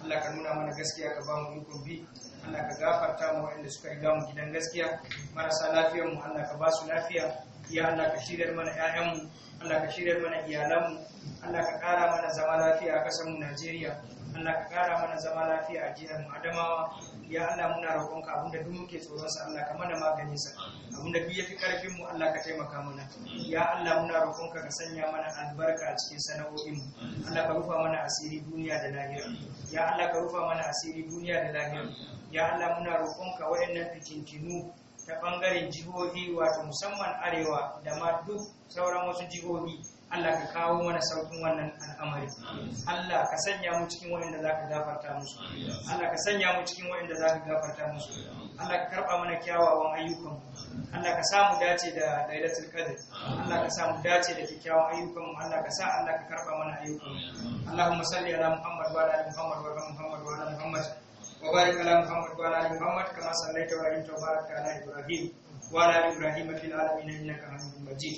Allah ka nuna mana gaskiya ka ba mu ikon bi Allah ka gafarta mu waɗanda suka riga mu gidan gaskiya marasa lafiyar mu Allah ka ba su lafiya ya Allah ka shiryar mana 'ya'yanmu. mu Allah ka shirya mana iyalan Allah ka ƙara mana zama lafiya a kasar mu Najeriya Allah ka kara mana zama lafiya a jihar mu Adamawa ya Allah muna roƙonka abinda duk muke tsoron sa Allah ka mana magani sa abinda duk yafi karfin mu Allah ka taimaka mana ya Allah muna roƙonka ka sanya mana albarka a cikin sana'o'in mu Allah ka rufa mana asiri duniya da lahira ya Allah ka rufa mana asiri duniya da lahira ya Allah muna roƙonka waɗannan fitintinu ta bangaren jihohi wato musamman arewa da ma duk sauran wasu jihohi Allah ka kawo mana saukin wannan al'amari Allah ka sanya mu cikin waɗanda za ka gafarta musu Allah ka sanya mu cikin waɗanda za ka gafarta musu Allah ka karɓa mana kyawawan ayyukan Allah ka sa mu dace da lailatul qadar Allah ka sa mu dace da kyawawan ayyukan Allah ka sa Allah ka karɓa mana ayyukan Allahumma salli ala Muhammad wa ala Muhammad wa ala Muhammad wa ala Muhammad wa barik ala Muhammad wa ala Muhammad kama sallaita wa barakta ala Ibrahim wa ala Ibrahim fil alamin innaka Hamidum Majid